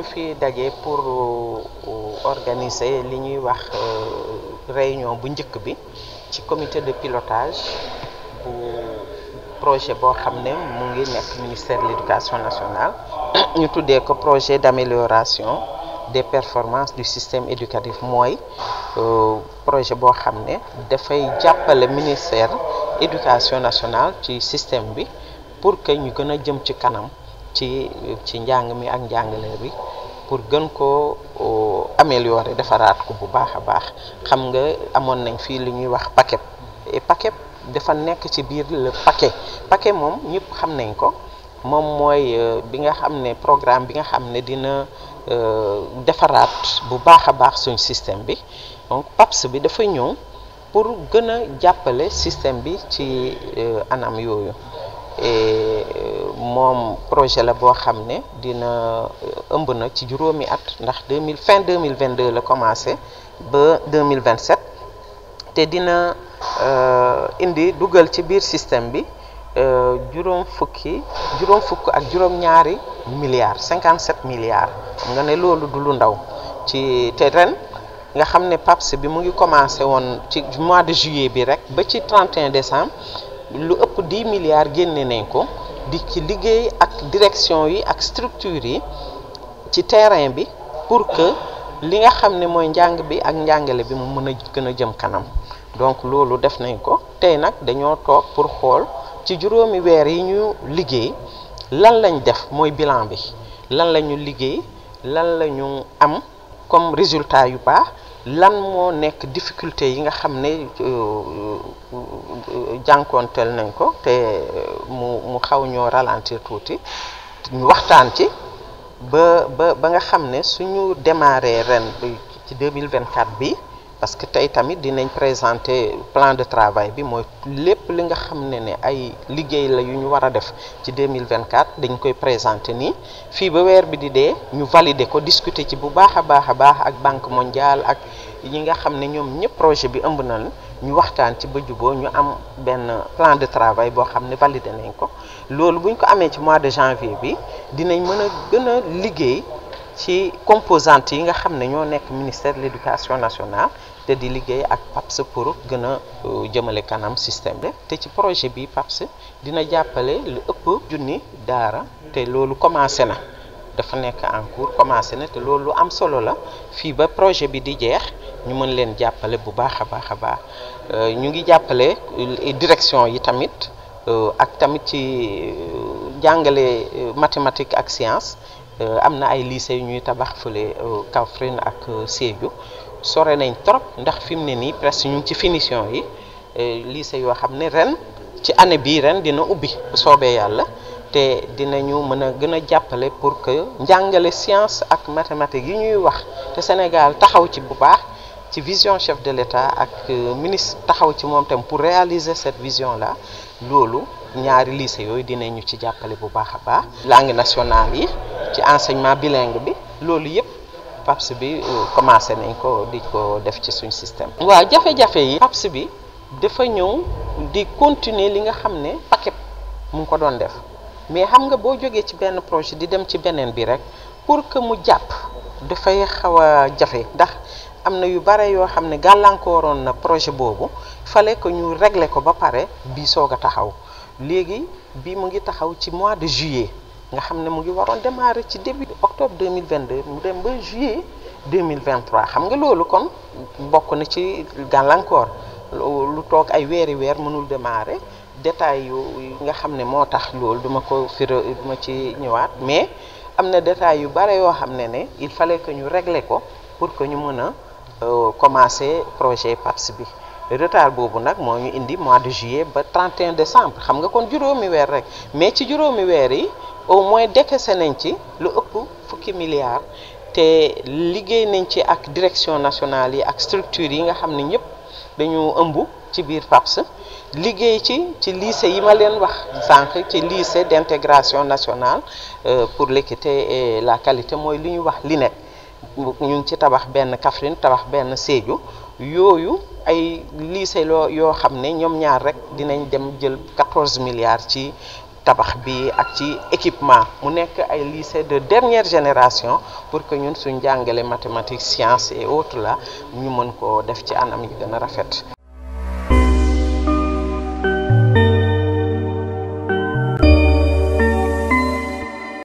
Je fi daje pour euh, organiser li ñuy wax euh, réunion bu bi ci comité de pilotage bu projet boo xam ne mu ngi ministère de l'éducation nationale ñu tuddee ko projet d'amélioration des performances du système éducatif mooy euh, projet boo xam ne dafay jàppale ministère éducation nationale ci système bi pour que ñu gën a jëm ci kanam ci ci njàng mi ak njàngale bi pour gën koo euh, améliorer defaraat ko bu baax a baax xam nga amoon nañ fii li ñuy wax paquet et dafa nekk ci biir le paquet paquet moom ñëpp xam nañ ko moom mooy euh, bi nga xam ne programme bi nga xam ne dina euh, defaraat bu baax a baax suñ système bi donc PAPS bi dafa ñëw pour gën a jàppale système bi ci anam yooyu. moom projet la boo xam ne dina euh, ëmb na ci juróomi at ndax 2000 fin 2022 la commencé ba 2027 te dina euh, indi dugal ci biir système bi euh, juróom fukki juróom fukk ak juróom ñaari milliards 57 milliards nga ne loolu du lu ndaw ci te ren nga xam ne PAPS bi mu ngi commencé woon ci mois de juillet bi rek ba ci 31 décembre lu ëpp 10 milliards génne nañ ko di ci liggéey ak direction yi ak structure yi ci terrain bi pour que li nga xam ne mooy njàng bi ak njàngale bi mu mën a gën a jëm kanam donc loolu def nañ ko tey nag dañoo toog pour xool ci juróomi weer yi ñu liggéey lan lañ def mooy bilan bi lan la ñu liggéey lan la ñu am comme résultat yu baax lan moo nekk difficulté yi nga xam ne euh, euh, jànkoonteel nañ ko te euh, mu mu xaw ñoo ralentir tuuti ñu waxtaan ci ba ba ba nga xam ne suñu démarré ren ci 2024 bi parce que tey tamit dinañ présenter plan de travail bi mooy lépp li nga xam ne ne ay liggéey la yu ñu war a def ci 2024 dañ koy présenté nii fii ba weer bi di dee ñu valider ko discuter ci bu baax a baax a baax ak banque mondiale ak yi nga xam ne ñoom ñëpp projet bi ëmb nañ ñu waxtaan ci ba juboo ñu am benn plan de travail boo xam ne valider nañ ko loolu bu ko amee ci mois de janvier bi dinañ mën a gën a liggéey ci composante yi nga xam ne ñoo nekk ministère de l'éducation nationale te di liggéey ak PAPS pour gën a euh, jëmale kanam système bi te ci projet bi PAPS dina jàppale lu ëpp junni daara te loolu commencé na dafa nekk en cours commencé na te loolu lu am solo la fii ba projet bi di jeex ñu mën leen jàppale bu baax a baax a baax euh, ñu ngi jàppale euh, direction yi tamit ak tamit ci jàngale mathématique ak science Euh, amna ay lycée yu ñuy tabax fële euh, Kaffrine ak euh, Sédhiou sore nañ trop ndax fi mu ne presque ñu ci finition yi lycée yo xam ren ci année bi ren dina ubbi bu soobee yàlla te dinañu mëna gëna jappalé pour que njàngale science ak mathématiques yi ñuy wax té Sénégal taxaw ci bu baax ci vision chef de l'État ak ministre taxaw ci mom tam pour réaliser cette vision là lolu ñaari lycée yoy dinañu ci jappalé bu baaxa a baax langue nationale yi ci enseignement bilingue bi loolu yëpp PAPS bi euh, commencé nañ ko di ko def ci suñ système. waaw jafe-jafe yi. PAPS bi dafa ñëw di continuer li nga xam ne paquet mu ngi ko doon def mais xam nga boo jógee ci benn projet di dem ci beneen bi rek pour que mu jàpp dafay xaw a jafe ndax. am na yu bare yoo xam ne gàllankooroon na projet boobu fale ko ñu régler ko ba pare bi soog a taxaw léegi bii mu ngi taxaw ci mois de juillet nga xam ne mu ngi waroon démarrer ci début octobre 2022 mu dem ba juillet 2023 xam nga loolu kon bokk na ci gàllankoor lu toog ay weeri weer mënul démarrer détails yu nga xam ne moo tax loolu duma ko firi duma ci ñëwaat mais am na détails yu bare yoo xam ne ne il fallait que ñu régler ko pour que ñu mën a euh, commencer projet PAPS bi. retard boobu nag moo ñu indi mois de juillet ba 31 décembre xam nga kon juróomi weer rek mais ci juróomi weer yi. au moins décaissé nañ ci lu ëpp fukki milliards te liggéey nañ ci ak direction nationale yi ak structure yi nga xam ne ñëpp dañu ëmb ci biir PAPS liggéey ci ci lycée yi ma leen wax sànq ci lycée d'intégration nationale euh, pour l'équité et la qualité mooy li ñu wax li ne ñu ngi ci tabax benn Kaffrine tabax benn Sédhiou yooyu ay lycée yoo xam ne ñoom ñaar rek dinañ dem jël 14 milliards ci tabax bi ak ci équipement mu nekk ay lycée de dernière génération pour que ñun suñ jàngale mathématiques sciences et autres là, ñu mën ko def ci anam yi gën a rafet